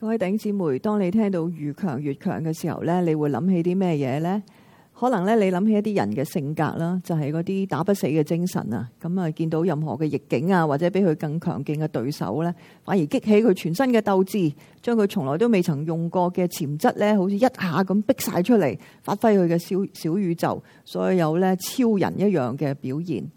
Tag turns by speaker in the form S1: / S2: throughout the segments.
S1: 各位弟兄姊妹，當你聽到越強越強嘅時候咧，你會諗起啲咩嘢咧？可能咧，你諗起一啲人嘅性格啦，就係嗰啲打不死嘅精神啊！咁啊，見到任何嘅逆境啊，或者比佢更強勁嘅對手咧，反而激起佢全身嘅鬥志，將佢從來都未曾用過嘅潛質咧，好似一下咁逼晒出嚟，發揮佢嘅小小宇宙，所以有咧超人一樣嘅表現。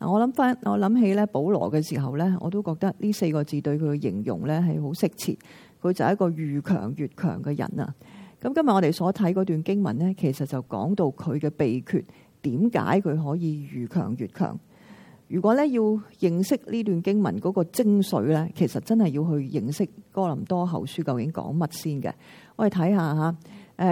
S1: 我諗翻，我諗起咧保羅嘅時候咧，我都覺得呢四個字對佢嘅形容咧係好適切。佢就係一個愈強越強嘅人啊！咁今日我哋所睇嗰段經文咧，其實就講到佢嘅秘訣，點解佢可以愈強越強？如果咧要認識呢段經文嗰個精髓咧，其實真係要去認識哥林多後書究竟講乜先嘅。我哋睇下嚇，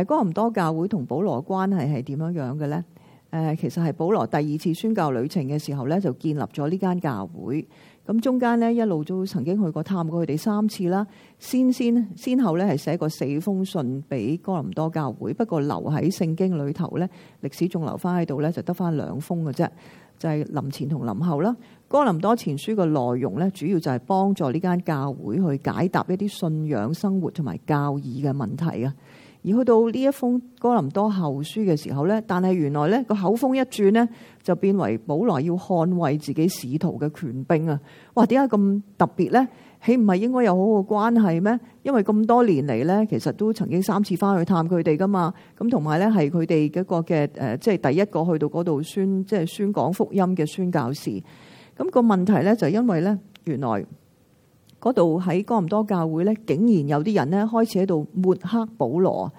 S1: 誒哥林多教會同保羅關係係點樣樣嘅咧？誒其實係保羅第二次宣教旅程嘅時候咧，就建立咗呢間教會。咁中間咧一路都曾經去過探過佢哋三次啦，先先先後咧係寫過四封信俾哥林多教會，不過留喺聖經裏頭咧，歷史仲留返喺度咧，就得返兩封嘅啫，就係、是、林前同林後啦。哥林多前書嘅內容咧，主要就係幫助呢間教會去解答一啲信仰生活同埋教義嘅問題啊。而去到呢一封哥林多後書嘅時候咧，但係原來咧個口風一轉咧，就變為保羅要捍衛自己使徒嘅權柄啊！哇，點解咁特別咧？豈唔係應該有好好關係咩？因為咁多年嚟咧，其實都曾經三次翻去探佢哋噶嘛，咁同埋咧係佢哋一個嘅誒，即係第一個去到嗰度宣即係宣講福音嘅宣教士。咁個問題咧就係因為咧原來。嗰度喺哥林多教會咧，竟然有啲人咧開始喺度抹黑保羅。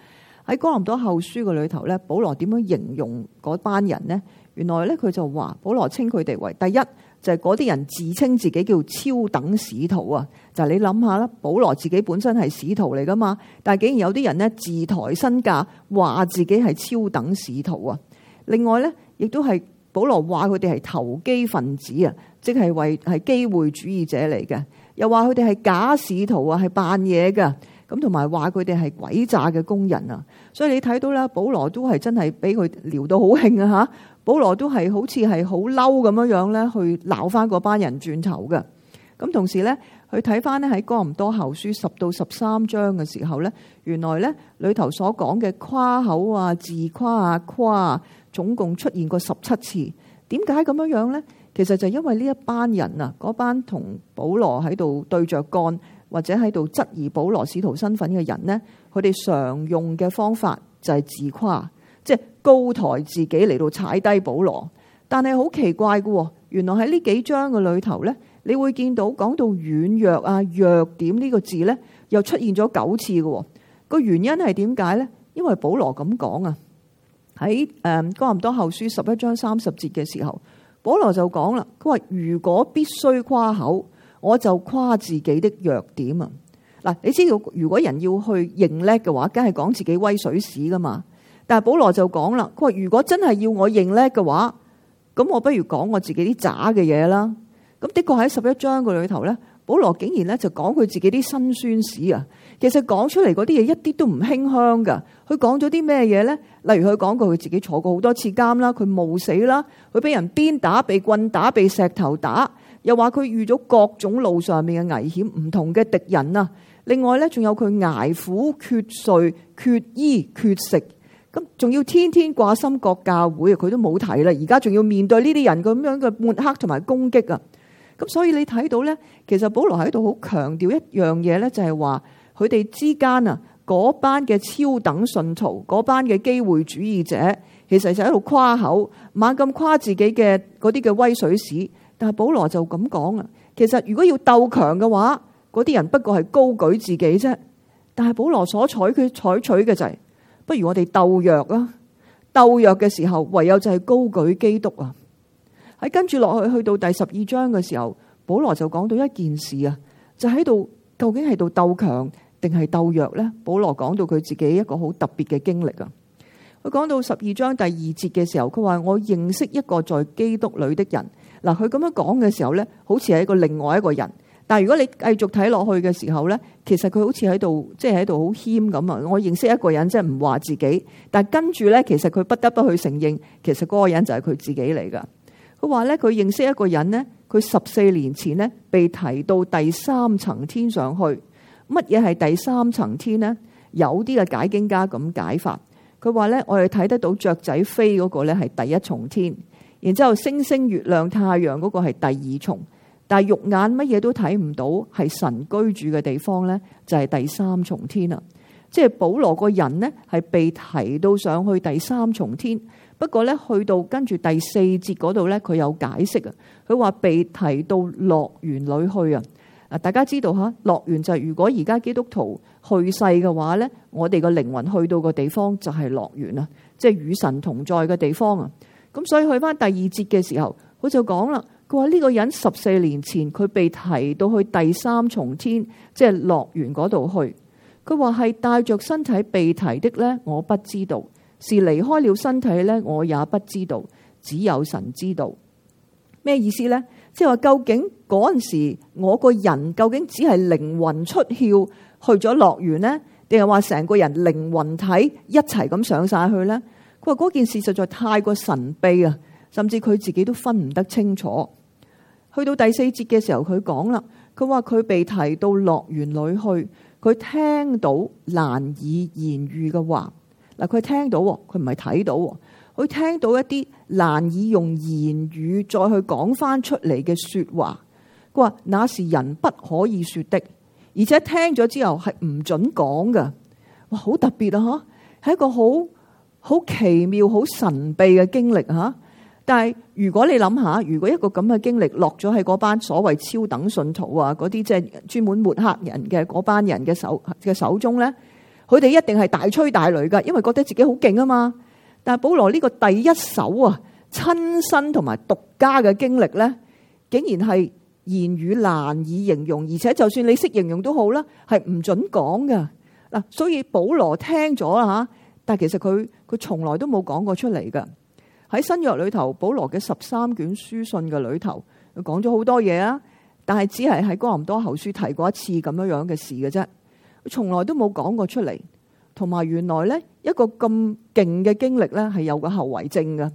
S1: 喺哥林多後書嘅裏頭咧，保羅點樣形容嗰班人呢？原來咧佢就話，保羅稱佢哋為第一就係嗰啲人自稱自己叫超等使徒啊。就係你諗下啦，保羅自己本身係使徒嚟噶嘛，但係竟然有啲人呢自抬身價，話自己係超等使徒啊。另外咧，亦都係保羅話佢哋係投機分子啊，即係為係機會主義者嚟嘅。又話佢哋係假使徒啊，係扮嘢嘅，咁同埋話佢哋係鬼詐嘅工人啊，所以你睇到啦，保羅都係真係俾佢撩到好興啊嚇，保羅都係好似係好嬲咁樣樣咧，去鬧翻嗰班人轉頭嘅，咁同時咧，佢睇翻咧喺哥林多後書十到十三章嘅時候咧，原來咧裏頭所講嘅誇口啊、自誇啊、誇啊，總共出現過十七次，點解咁樣樣咧？其實就係因為呢一班人啊，嗰班同保羅喺度對着幹或者喺度質疑保羅使徒身份嘅人呢，佢哋常用嘅方法就係自誇，即係高抬自己嚟到踩低保羅。但係好奇怪嘅，原來喺呢幾章嘅裏頭呢，你會見到講到軟弱啊、弱點呢個字呢，又出現咗九次嘅。個原因係點解呢？因為保羅咁講啊，喺誒哥林多後書十一章三十節嘅時候。保羅就講啦，佢話如果必須誇口，我就誇自己的弱點啊！嗱，你知道如果人要去認叻嘅話，梗係講自己威水史噶嘛。但係保羅就講啦，佢話如果真係要我認叻嘅話，咁我不如講我自己啲渣嘅嘢啦。咁的確喺十一章個裏頭咧，保羅竟然咧就講佢自己啲辛酸史啊！其實講出嚟嗰啲嘢一啲都唔馨香噶，佢講咗啲咩嘢咧？例如佢講過佢自己坐過好多次監啦，佢冒死啦，佢俾人鞭打、被棍打、被石頭打，又話佢遇到各種路上面嘅危險、唔同嘅敵人啊。另外咧，仲有佢挨苦、缺睡、缺衣、缺食，咁仲要天天掛心各教會，佢都冇睇啦。而家仲要面對呢啲人咁樣嘅抹黑同埋攻擊啊！咁所以你睇到咧，其實保羅喺度好強調一樣嘢咧，就係話。佢哋之間啊，嗰班嘅超等信徒，嗰班嘅機會主義者，其實就喺度誇口，猛咁誇自己嘅嗰啲嘅威水史。但係保羅就咁講啊，其實如果要鬥強嘅話，嗰啲人不過係高舉自己啫。但係保羅所採取採取嘅就係，不如我哋鬥弱啦。鬥弱嘅時候，唯有就係高舉基督啊。喺跟住落去去到第十二章嘅時候，保羅就講到一件事啊，就喺度究竟係度鬥強定係鬥弱咧？保羅講到佢自己一個好特別嘅經歷啊！佢講到十二章第二節嘅時候，佢話我認識一個在基督裏的人。嗱，佢咁樣講嘅時候咧，好似係一個另外一個人。但係如果你繼續睇落去嘅時候咧，其實佢好似喺度，即係喺度好謙咁啊！我認識一個人，即係唔話自己。但係跟住咧，其實佢不得不去承認，其實嗰個人就係佢自己嚟噶。佢話咧，佢認識一個人呢，佢十四年前呢，被提到第三層天上去。乜嘢係第三層天呢？有啲嘅解經家咁解法，佢話咧，我哋睇得到雀仔飛嗰個咧係第一重天，然之後星星、月亮、太陽嗰個係第二重，但係肉眼乜嘢都睇唔到，係神居住嘅地方咧就係第三重天啦。即係保羅個人呢係被提到上去第三重天，不過咧，去到跟住第四節嗰度咧，佢有解釋啊，佢話被提到樂園裏去啊。啊！大家知道吓樂園就係，如果而家基督徒去世嘅話咧，我哋個靈魂去到個地方就係樂園啦，即係與神同在嘅地方啊！咁所以去翻第二節嘅時候，佢就講啦，佢話呢個人十四年前佢被提到去第三重天，即係樂園嗰度去。佢話係帶着身體被提的咧，我不知道；是離開了身體咧，我也不知道。只有神知道。咩意思呢？即係話，究竟嗰陣時我個人究竟只係靈魂出竅去咗樂園咧，定係話成個人靈魂體一齊咁上晒去咧？佢話嗰件事實在太過神秘啊，甚至佢自己都分唔得清楚。去到第四節嘅時候，佢講啦，佢話佢被提到樂園裏去，佢聽到難以言喻嘅話。嗱，佢聽到，佢唔係睇到。佢聽到一啲難以用言語再去講翻出嚟嘅說話，佢話：那是人不可以說的，而且聽咗之後係唔準講㗎。哇，好特別啊！嚇，係一個好好奇妙、好神秘嘅經歷啊！但係如果你諗下，如果一個咁嘅經歷落咗喺嗰班所謂超等信徒啊，嗰啲即係專門抹黑人嘅嗰班人嘅手嘅手中咧，佢哋一定係大吹大擂噶，因為覺得自己好勁啊嘛！但係保羅呢個第一手啊，親身同埋獨家嘅經歷咧，竟然係言語難以形容，而且就算你識形容都好啦，係唔准講㗎。嗱。所以保羅聽咗啦吓，但係其實佢佢從來都冇講過出嚟㗎。喺新約裏頭，保羅嘅十三卷書信嘅裏頭，講咗好多嘢啊，但係只係喺哥林多後書提過一次咁樣樣嘅事嘅啫，從來都冇講過出嚟。同埋原來呢一個咁勁嘅經歷呢係有個後遺症㗎，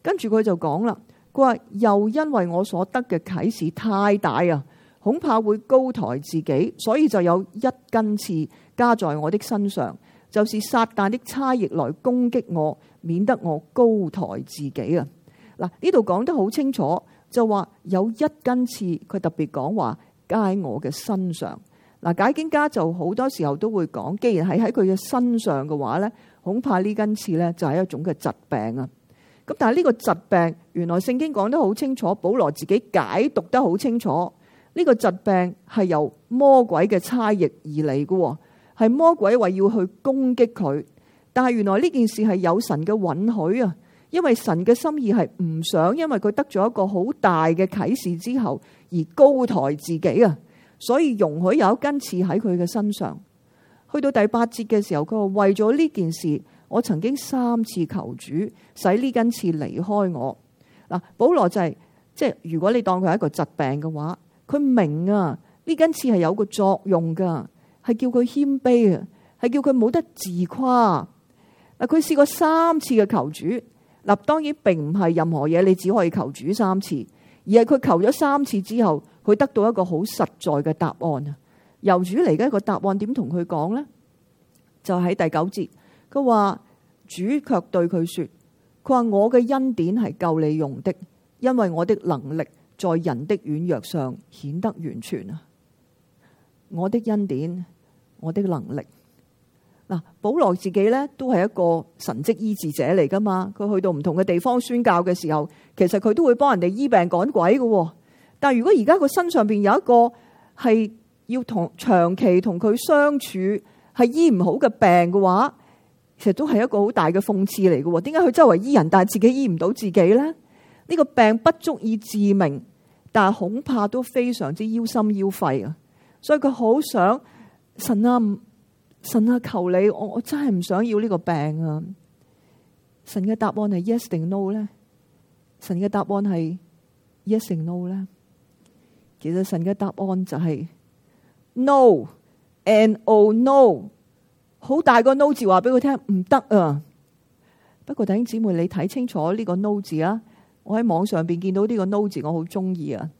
S1: 跟住佢就講啦，佢話又因為我所得嘅啟示太大啊，恐怕會高抬自己，所以就有一根刺加在我的身上，就是撒旦的差役來攻擊我，免得我高抬自己啊！嗱，呢度講得好清楚，就話有一根刺，佢特別講話加喺我嘅身上。嗱，解經家就好多時候都會講，既然係喺佢嘅身上嘅話呢，恐怕呢根刺呢就係一種嘅疾病啊。咁但係呢個疾病，原來聖經講得好清楚，保羅自己解讀得好清楚，呢、呢個疾病係由魔鬼嘅差役而嚟嘅，係魔鬼為要去攻擊佢。但係原來呢件事係有神嘅允許啊，因為神嘅心意係唔想因為佢得咗一個好大嘅啟示之後而高抬自己啊。所以容許有一根刺喺佢嘅身上。去到第八節嘅時候，佢話為咗呢件事，我曾經三次求主使呢根刺離開我。嗱、就是，保羅就係即係如果你當佢係一個疾病嘅話，佢明啊，呢根刺係有個作用噶，係叫佢謙卑啊，係叫佢冇得自誇。嗱，佢試過三次嘅求主。嗱，當然並唔係任何嘢你只可以求主三次，而係佢求咗三次之後。佢得到一個好實在嘅答案啊！由主嚟嘅一個答案，點同佢講呢？就喺第九節，佢話主卻對佢說：佢話我嘅恩典係夠你用的，因為我的能力在人的軟弱上顯得完全啊！我的恩典，我的能力。嗱，保羅自己咧都係一個神蹟醫治者嚟噶嘛？佢去到唔同嘅地方宣教嘅時候，其實佢都會幫人哋醫病趕鬼嘅啊。但係如果而家個身上邊有一個係要同長期同佢相處係醫唔好嘅病嘅話，其實都係一個好大嘅諷刺嚟嘅。點解佢周圍醫人，但係自己醫唔到自己咧？呢個病不足以致命，但係恐怕都非常之腰心腰肺啊！所以佢好想神啊，神啊，求你，我我真係唔想要呢個病啊！神嘅答案係 yes 定 no 咧？神嘅答案係 yes 定 no 咧？其實神嘅答案就係、是、no，N-O，no，好大個 no 字，話俾佢聽唔得啊。不過弟兄姊妹，你睇清楚呢個 no 字啊。我喺網上邊見到呢個 no 字，我好中意啊。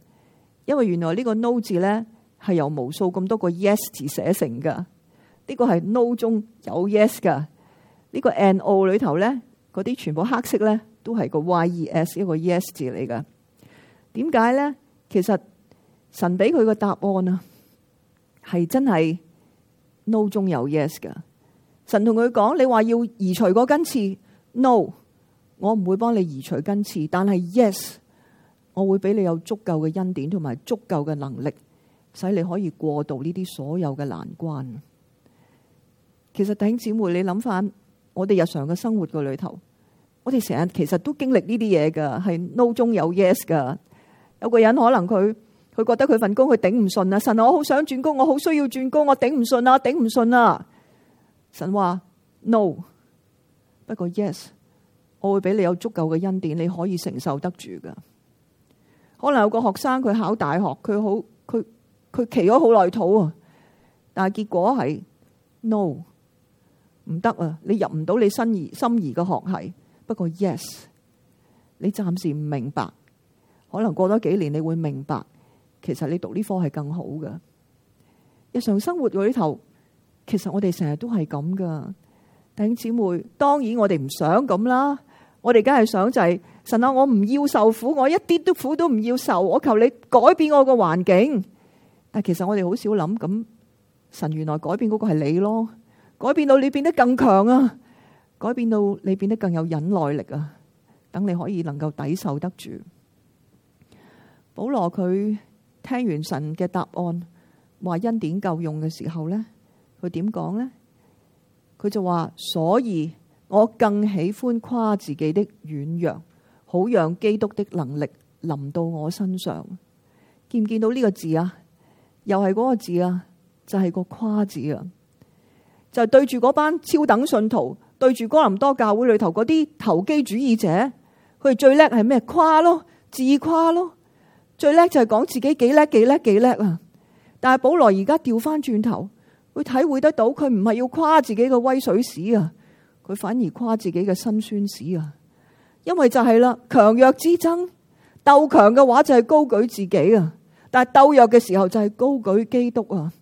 S1: 因為原來呢個 no 字咧係由無數咁多個 yes 字寫成噶。呢、這個係 no 中有 yes 噶。呢、這個 no 裏頭咧嗰啲全部黑色咧都係個 yes 一個 yes 字嚟噶。點解咧？其實。神俾佢個答案啊，係真係 no 中有 yes 噶。神同佢講，你話要移除嗰根刺，no，我唔會幫你移除根刺，但係 yes，我會俾你有足夠嘅恩典同埋足夠嘅能力，使你可以過渡呢啲所有嘅難關。其實弟兄姊妹，你諗翻我哋日常嘅生活嘅裏頭，我哋成日其實都經歷呢啲嘢噶，係 no 中有 yes 噶。有個人可能佢。佢覺得佢份工佢頂唔順啊！神，我好想轉工，我好需要轉工，我頂唔順啊，頂唔順啊！神話 no，不過 yes，我會俾你有足夠嘅恩典，你可以承受得住噶。可能有個學生佢考大學，佢好佢佢企咗好耐肚啊，但係結果係 no，唔得啊！你入唔到你心儀心儀嘅學系，不過 yes，你暫時唔明白，可能過多幾年你會明白。其實你讀呢科系更好噶。日常生活裏頭，其實我哋成日都係咁噶。弟兄姊妹，當然我哋唔想咁啦，我哋梗係想就係神啊，我唔要受苦，我一啲都苦都唔要受，我求你改變我個環境。但係其實我哋好少諗，咁神原來改變嗰個係你咯，改變到你變得更強啊，改變到你變得更有忍耐力啊，等你可以能夠抵受得住。保羅佢。聽完神嘅答案，話恩典夠用嘅時候咧，佢點講咧？佢就話：所以我更喜歡誇自己的軟弱，好讓基督的能力臨到我身上。見唔見到呢個字啊？又係嗰個字啊？就係個誇字啊！就對住嗰班超等信徒，對住哥林多教會裏頭嗰啲投機主義者，佢哋最叻係咩？誇咯，自誇咯。最叻就係講自己幾叻幾叻幾叻啊！但係保羅而家掉翻轉頭，會體會得到佢唔係要誇自己嘅威水史啊，佢反而誇自己嘅辛酸史啊。因為就係啦，強弱之爭，鬥強嘅話就係高舉自己啊，但係鬥弱嘅時候就係高舉基督啊。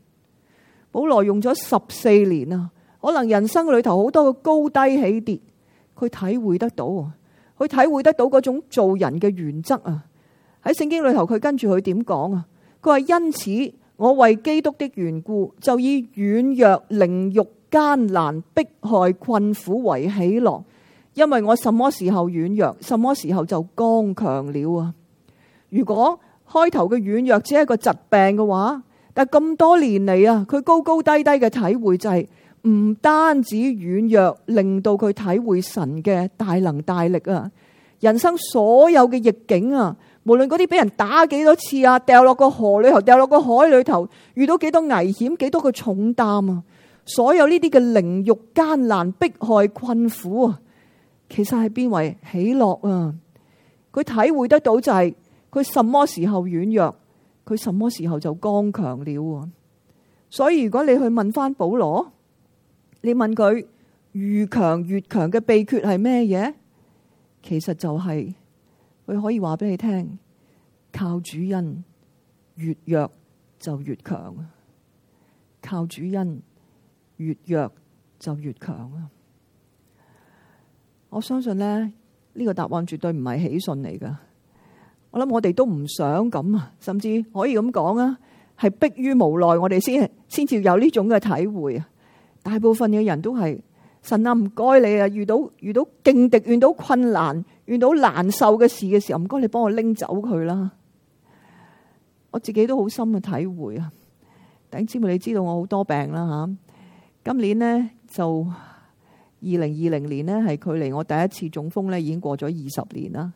S1: 保羅用咗十四年啊，可能人生裏頭好多嘅高低起跌，佢體會得到啊，佢體會得到嗰種做人嘅原則啊。喺聖經裏頭，佢跟住佢點講啊？佢話因此我為基督的緣故，就以軟弱、凌辱、艱難、迫害、困苦為喜樂，因為我什麼時候軟弱，什麼時候就剛強了啊！如果開頭嘅軟弱只係個疾病嘅話，但咁多年嚟啊，佢高高低低嘅體會就係、是、唔單止軟弱，令到佢體會神嘅大能大力啊！人生所有嘅逆境啊！無論嗰啲俾人打幾多次啊，掉落個河裏頭，掉落個海裏頭，遇到幾多危險，幾多個重擔啊，所有呢啲嘅凌辱艱難、迫害、困苦啊，其實係變為喜樂啊。佢體會得到就係、是、佢什麼時候軟弱，佢什麼時候就剛強了。所以如果你去問翻保羅，你問佢越強越強嘅秘訣係咩嘢？其實就係、是。佢可以話俾你聽，靠主恩越弱就越強，靠主恩越弱就越強啊！我相信咧呢個答案絕對唔係喜訊嚟噶，我諗我哋都唔想咁啊，甚至可以咁講啊，係迫於無奈我哋先先至有呢種嘅體會啊！大部分嘅人都係。神啊，唔該你啊，遇到遇到勁敵，遇到困難，遇到難受嘅事嘅時候，唔該你幫我拎走佢啦。我自己都好深嘅體會啊，等姊妹，你知道我好多病啦吓。今年呢，就二零二零年呢，係距離我第一次中風咧已經過咗二十年啦。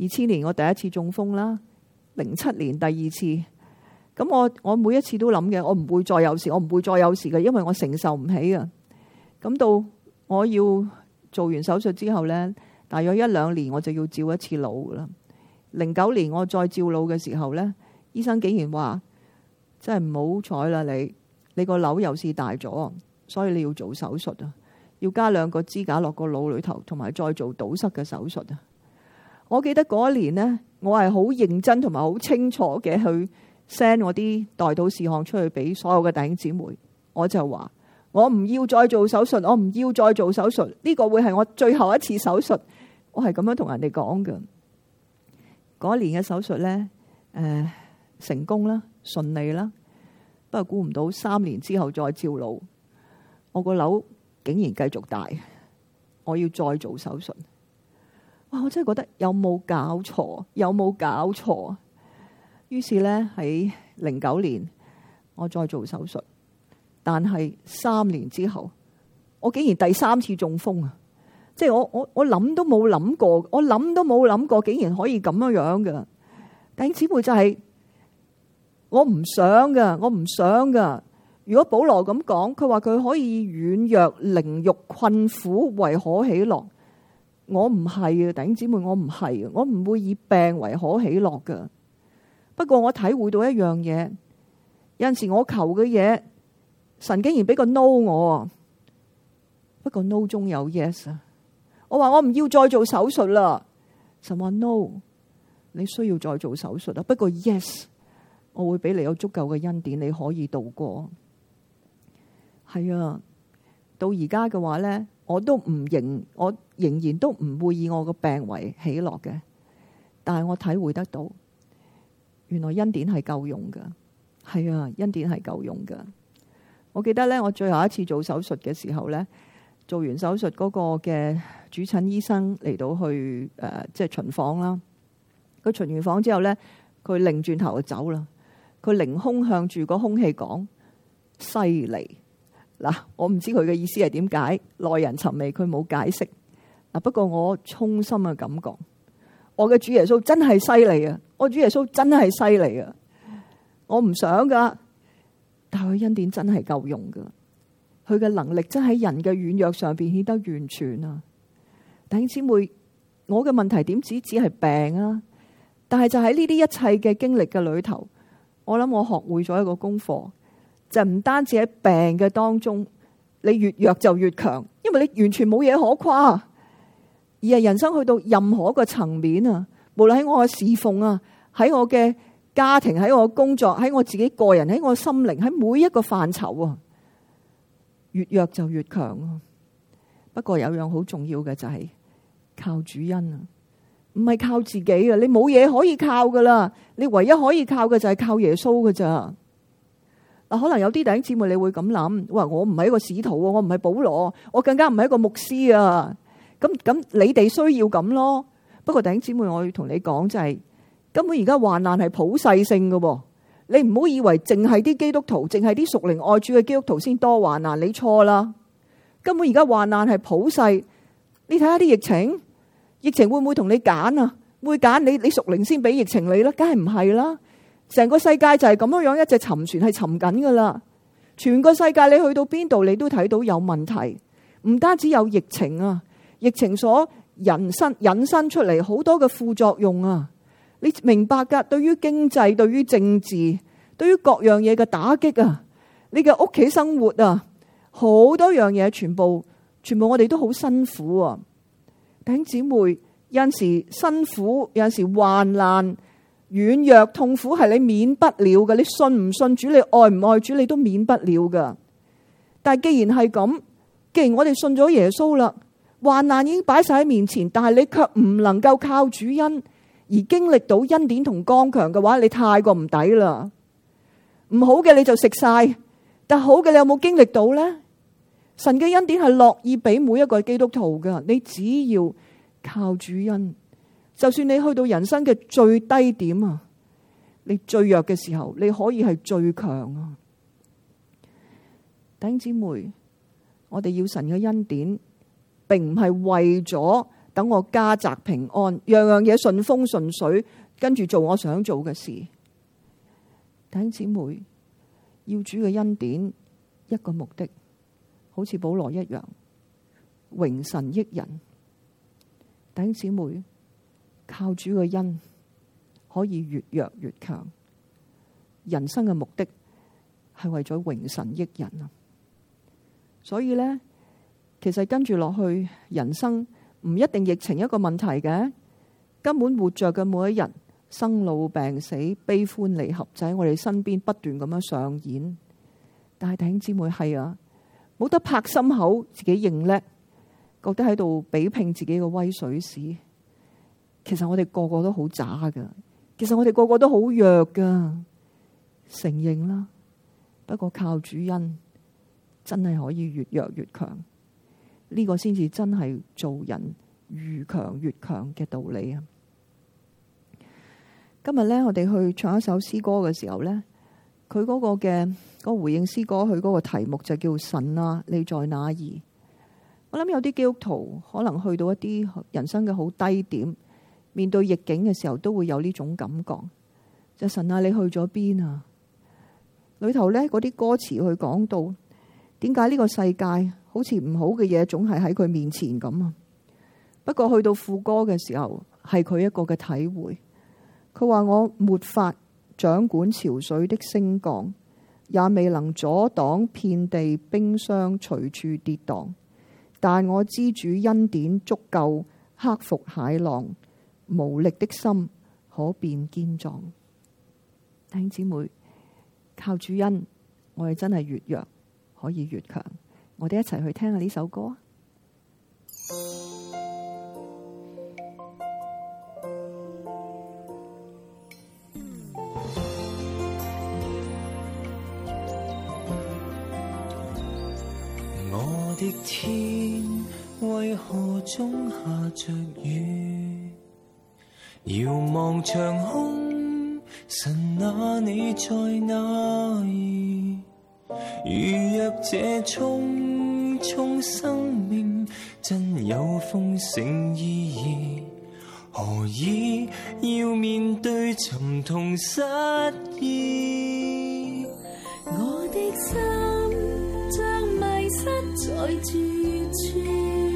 S1: 二千年我第一次中風啦，零七年第二次。咁我我每一次都諗嘅，我唔會再有事，我唔會再有事嘅，因為我承受唔起啊。咁到我要做完手術之後呢，大約一兩年我就要照一次腦啦。零九年我再照腦嘅時候呢，醫生竟然話：真係唔好彩啦！你你個瘤又是大咗，所以你要做手術啊，要加兩個支架落個腦裡頭，同埋再做堵塞嘅手術啊！我記得嗰一年呢，我係好認真同埋好清楚嘅去 send 我啲代禱事項出去俾所有嘅弟兄姊妹，我就話。我唔要再做手術，我唔要再做手術，呢個會係我最後一次手術。我係咁樣同人哋講嘅。嗰一年嘅手術呢，誒，成功啦，順利啦，不過估唔到三年之後再照老，我個瘤竟然繼續大，我要再做手術。哇！我真係覺得有冇搞錯，有冇搞錯啊？於是呢，喺零九年，我再做手術。但係三年之後，我竟然第三次中風啊！即係我我我諗都冇諗過，我諗都冇諗過，竟然可以咁樣樣嘅。弟兄姊妹，就係我唔想噶，我唔想噶。如果保羅咁講，佢話佢可以軟弱、凌辱、困苦為可喜樂，我唔係嘅，弟兄姊妹，我唔係嘅，我唔會以病為可喜樂嘅。不過我體會到一樣嘢，有陣時我求嘅嘢。神竟然俾個 no 我啊，不過 no 中有 yes 啊，我話我唔要再做手術啦。神話 no，你需要再做手術啊。不過 yes，我會俾你有足夠嘅恩典，你可以渡過。係啊，到而家嘅話咧，我都唔仍，我仍然都唔會以我個病為喜樂嘅。但係我體會得到，原來恩典係夠用噶。係啊，恩典係夠用噶。我記得咧，我最後一次做手術嘅時候咧，做完手術嗰個嘅主診醫生嚟到去誒、呃，即係巡房啦。佢巡完房之後咧，佢擰轉頭就走啦。佢凌空向住個空氣講：犀利！嗱，我唔知佢嘅意思係點解。耐人尋味，佢冇解釋嗱。不過我衷心嘅感覺，我嘅主耶穌真係犀利啊！我主耶穌真係犀利啊！我唔想噶。但佢恩典真係夠用噶，佢嘅能力真係喺人嘅軟弱上邊顯得完全啊！弟兄姊妹，我嘅問題點止只係病啊？但係就喺呢啲一切嘅經歷嘅裏頭，我諗我學會咗一個功課，就唔單止喺病嘅當中，你越弱就越強，因為你完全冇嘢可誇，而係人生去到任何一個層面啊，無論喺我嘅侍奉啊，喺我嘅。家庭，喺我工作，喺我自己個人，喺我心靈，喺每一個範疇啊，越弱就越強。不過有樣好重要嘅，就係靠主恩啊，唔係靠自己啊。你冇嘢可以靠噶啦，你唯一可以靠嘅就係靠耶穌噶咋。嗱，可能有啲弟兄姐妹你會咁諗，哇！我唔係一個使徒，我唔係保羅，我更加唔係一個牧師啊。咁，咁，你哋需要咁咯。不過弟兄姐妹，我要同你講就係。根本而家患難係普世性噶，你唔好以為淨係啲基督徒，淨係啲屬靈愛主嘅基督徒先多患難。你錯啦，根本而家患難係普世。你睇下啲疫情，疫情會唔會同你揀啊？會揀你？你屬靈先畀疫情你啦？梗係唔係啦？成個世界就係咁樣樣，一隻沉船係沉緊噶啦。全個世界你去到邊度，你都睇到有問題，唔單止有疫情啊，疫情所引申引申出嚟好多嘅副作用啊。你明白噶？對於經濟、對於政治、對於各樣嘢嘅打擊啊！你嘅屋企生活啊，好多樣嘢，全部全部我哋都好辛苦啊！弟兄姊妹，有陣時辛苦，有陣時患難、軟弱、痛苦係你免不了嘅。你信唔信主？你愛唔愛主？你都免不了噶。但係既然係咁，既然我哋信咗耶穌啦，患難已經擺晒喺面前，但係你卻唔能夠靠主恩，而經歷到恩典同剛強嘅話，你太過唔抵啦。唔好嘅你就食晒，但好嘅你有冇經歷到咧？神嘅恩典係樂意俾每一個基督徒噶，你只要靠主恩，就算你去到人生嘅最低點啊，你最弱嘅時候，你可以係最強啊！弟兄姊妹，我哋要神嘅恩典，並唔係為咗。等我家宅平安，樣樣嘢順風順水，跟住做我想做嘅事。弟兄姊妹，要主嘅恩典，一個目的，好似保羅一樣，榮神益人。弟兄姊妹，靠主嘅恩可以越弱越強。人生嘅目的係為咗榮神益人啊！所以咧，其實跟住落去人生。唔一定疫情一個問題嘅，根本活着嘅每一人生老病死、悲歡離合，就喺我哋身邊不斷咁樣上演。但係弟兄姊妹係啊，冇得拍心口自己認叻，覺得喺度比拼自己嘅威水史。其實我哋個個都好渣嘅，其實我哋個個都好弱嘅，承認啦。不過靠主恩，真係可以越弱越強。呢、呢個先至真係做人越強越強嘅道理啊！今日呢，我哋去唱一首詩歌嘅時候呢，佢嗰個嘅、個回應詩歌，佢嗰個題目就叫神啊，你在哪兒？我諗有啲基督徒可能去到一啲人生嘅好低點，面對逆境嘅時候，都會有呢種感覺、就是，就神啊，你去咗邊啊？裏頭呢，嗰啲歌詞去講到，點解呢個世界？好似唔好嘅嘢，總係喺佢面前咁啊。不過去到副歌嘅時候，係佢一個嘅體會。佢話我沒法掌管潮水的升降，也未能阻擋遍地冰霜，隨處跌宕。但我知主恩典足夠克服海浪，無力的心可變堅壯。弟兄姊妹，靠主恩，我哋真係越弱可以越強。我哋一齊去聽下呢首歌。
S2: 我的天，為何總下着雨？遙望長空，神啊，你在哪裏？」如若這匆匆生命真有豐盛意義，何以要面對沉痛失意？ 我的心像迷失在絕處。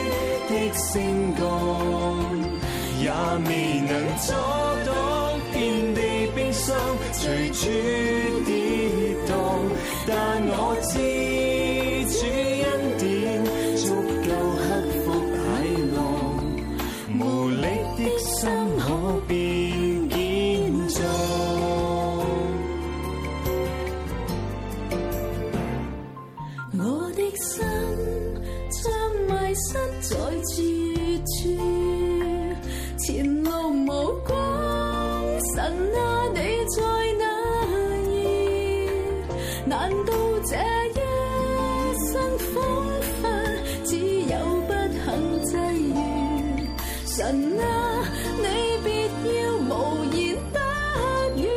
S2: 的星光也未能阻擋遍地冰霜，隨處跌蕩，但我知主恩典足夠克服駭浪，無力的心可變。難道這一生風帆，只有不肯際遇。神啊，你別要無言不語。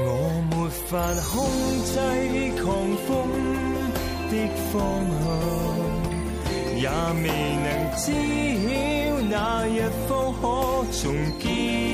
S2: 我沒法控制狂風的方向，也未能知曉那日方可重見。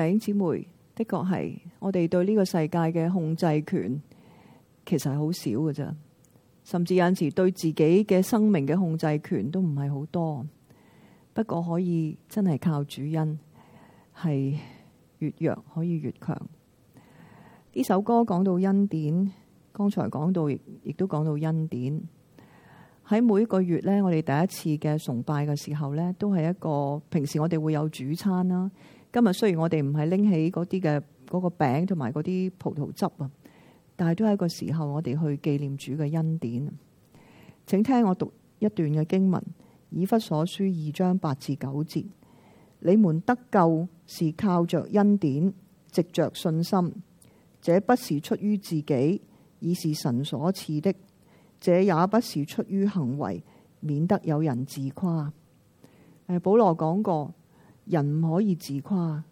S1: 弟兄姊妹，的確係我哋對呢個世界嘅控制權，其實係好少嘅咋，甚至有陣時對自己嘅生命嘅控制權都唔係好多。不過可以真係靠主恩，係越弱可以越強。呢首歌講到恩典，剛才講到亦亦都講到恩典。喺每一個月呢，我哋第一次嘅崇拜嘅時候呢，都係一個平時我哋會有主餐啦。今日雖然我哋唔係拎起嗰啲嘅嗰個餅同埋嗰啲葡萄汁啊，但係都係一個時候，我哋去紀念主嘅恩典。請聽我讀一段嘅經文：以弗所書二章八至九節，你們得救是靠着恩典，藉着信心，這不是出於自己，而是神所賜的；這也不是出於行為，免得有人自誇。誒，保羅講過。人唔可以自誇，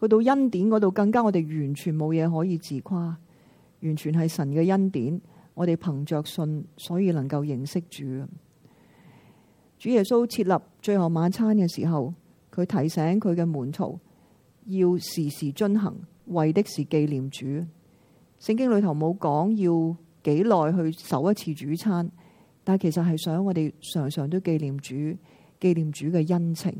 S1: 去到恩典嗰度更加，我哋完全冇嘢，可以自誇，完全係神嘅恩典。我哋憑着信，所以能夠認識主。主耶穌設立最後晚餐嘅時候，佢提醒佢嘅門徒要時時遵行，為的是紀念主。聖經裏頭冇講要幾耐去守一次主餐，但其實係想我哋常常都紀念主，紀念主嘅恩情。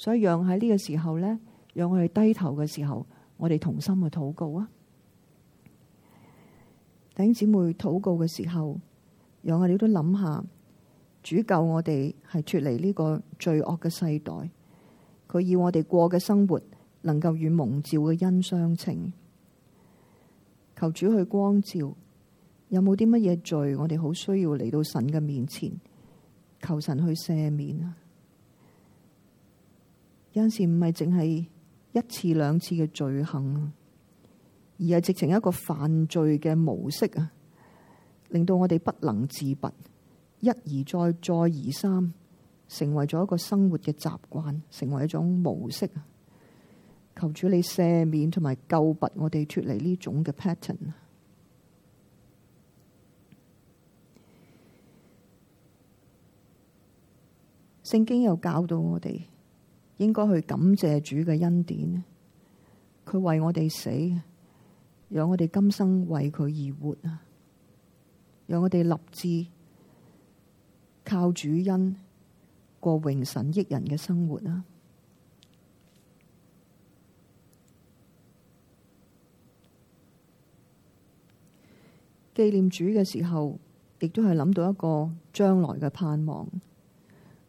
S1: 所以讓喺呢個時候呢，讓我哋低頭嘅時候，我哋同心去禱告啊！弟兄姊妹禱告嘅時候，讓我哋都諗下，主救我哋係脫離呢個罪惡嘅世代，佢要我哋過嘅生活能夠與蒙召嘅恩相稱，求主去光照。有冇啲乜嘢罪，我哋好需要嚟到神嘅面前，求神去赦免啊！有陣時唔係淨係一次兩次嘅罪行，而係直情一個犯罪嘅模式啊，令到我哋不能自拔，一而再，再而三，成為咗一個生活嘅習慣，成為一種模式啊！求主你赦免同埋救拔我哋脱離呢種嘅 pattern。聖經又教導我哋。應該去感謝主嘅恩典，佢為我哋死，讓我哋今生為佢而活啊！讓我哋立志靠主恩過榮神益人嘅生活啊！紀念主嘅時候，亦都係諗到一個將來嘅盼望。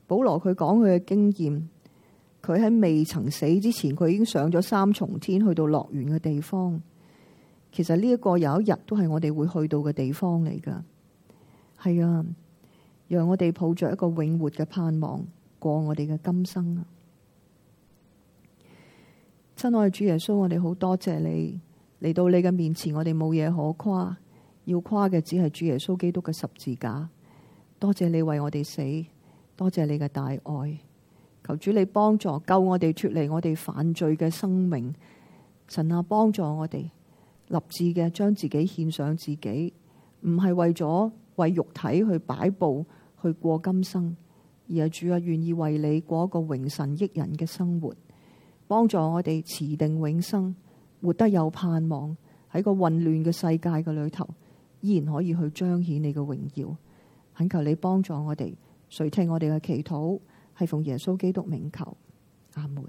S1: 保羅佢講佢嘅經驗。佢喺未曾死之前，佢已經上咗三重天，去到樂園嘅地方。其實呢一個有一日都係我哋會去到嘅地方嚟噶。係啊，讓我哋抱着一個永活嘅盼望過我哋嘅今生啊！親愛的主耶穌，我哋好多謝你嚟到你嘅面前，我哋冇嘢可誇，要誇嘅只係主耶穌基督嘅十字架。多謝你為我哋死，多謝你嘅大愛。求主你幫助救我哋脫離我哋犯罪嘅生命，神啊，幫助我哋立志嘅將自己獻上自己，唔係為咗為肉體去擺佈去過今生，而係主啊，願意為你過一個榮神益人嘅生活，幫助我哋持定永生，活得有盼望喺個混亂嘅世界嘅裏頭，依然可以去彰顯你嘅榮耀，懇求你幫助我哋，垂聽我哋嘅祈禱。係奉耶穌基督名求，阿門。